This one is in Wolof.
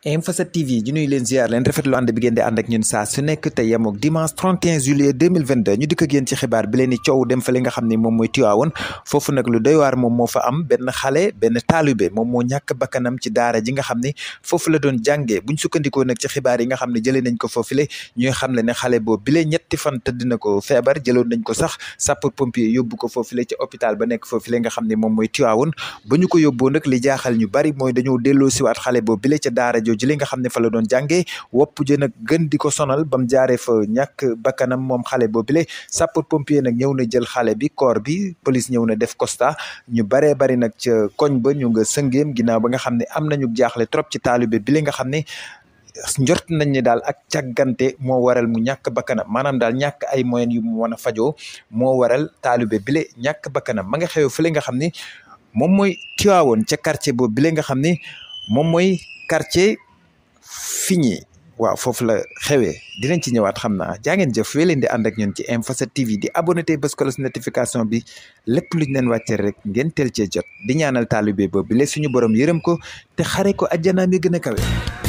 Info7 TV ñu nuy leen ziar leen rafetlu ànd bi ngeen di ànd ak su nekk te yemook dimanche 31 juillet 2022 ñu dikk ak yéen ci xibaar bi ni coow dem fa nga xam ne moom mooy Tiwaawoon moo fa am benn xale benn ji nga xam ne foofu la doon jàngee buñ sukkandikoo nag ci xibaar yi nga xam ne jëlee nañ ko foofule ñuy xam le ne xale boobu bile ñetti fan tëdd na ko feebar jëloon nañ ko sax sapeur pompier yóbbu ko foofule ci hôpital ba nekk foofule nga xam ne moom mooy Tiwaawoon ba ñu ko yóbboo nag li jaaxal ñu bari mooy dañoo delloo siwaat xale boobu bile ca daara jaajo ji li nga xam ne fa la doon jàngee wopp ji nag gën di ko sonal bam jaaree fa ñàkk bakkanam moom xale boobule sappour pompier nag ñëw na jël xale bi koor bi police ñëw na def kosta ñu baree bari nag ca koñ ba ñu nga sëngeem ginaaw ba nga xam ne am nañu jaaxle trop ci taalibe bi li nga xam ne njort nañ ne daal ak càggante moo waral mu ñàkk bakkanam maanaam daal ñàkk ay moyens yu mu mën a fajoo moo waral taalibe bile ñàkk bakkanam ma nga xew fële nga nga xam ne moom mooy quartier Figny waaw foofu la xewee dinañ ci ñëwaat xam naa jaa ngeen jëf wee leen di ànd ak ñun ci Info 7 TV di abonné tey bés kolos notification bi lépp luñ leen wàccee rek ngeen teel cee jot di ñaanal taalibe boobu le suñu borom yërëm ko te xare ko ajjanaam yi gën a kawe